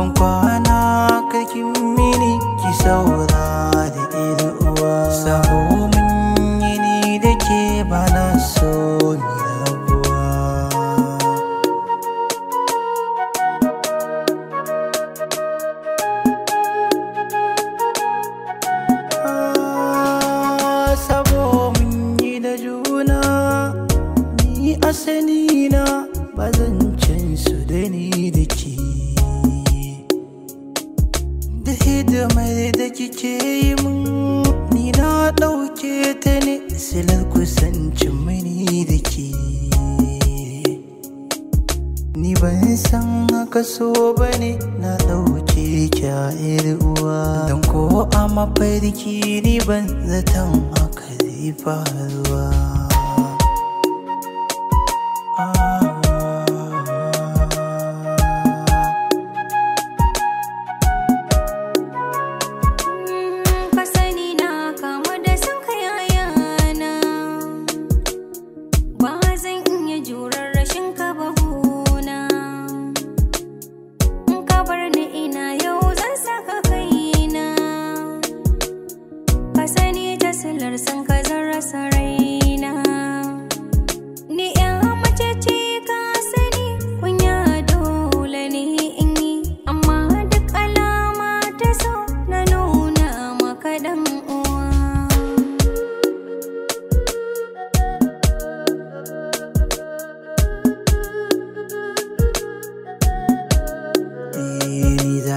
ban kwana kakin mini ki saura kike yi mun ni na ɗauke ta ne silar kusancin mini da ke ni ban san haka so ba ne na ɗauke kya uwa don ko a mafarki ni ban zaton haka zai faruwa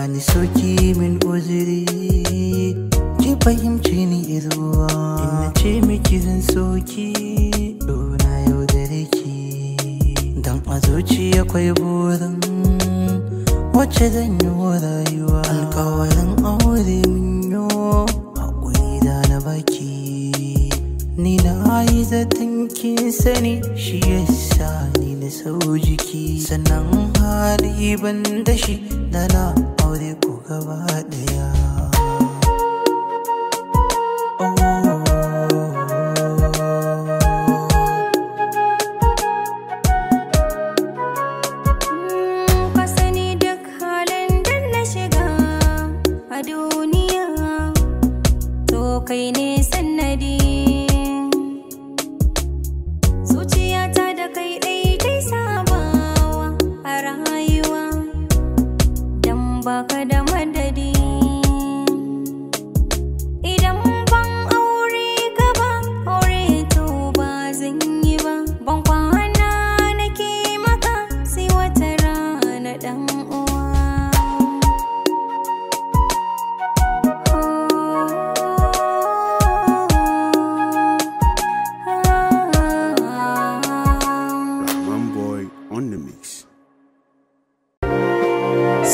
ni soki min uzuri ki fahimci ni izuwa ina ce miki zan soki dona yau da ki dan a zuciya akwai burin wacce zan yi wa rayuwa alkawarin aure min yo haƙuri da na baki ni na yi zaton kin sani shi yasa ni na sau jiki sannan hali ban da shi da na aure ku gaba daya. Oh. ka da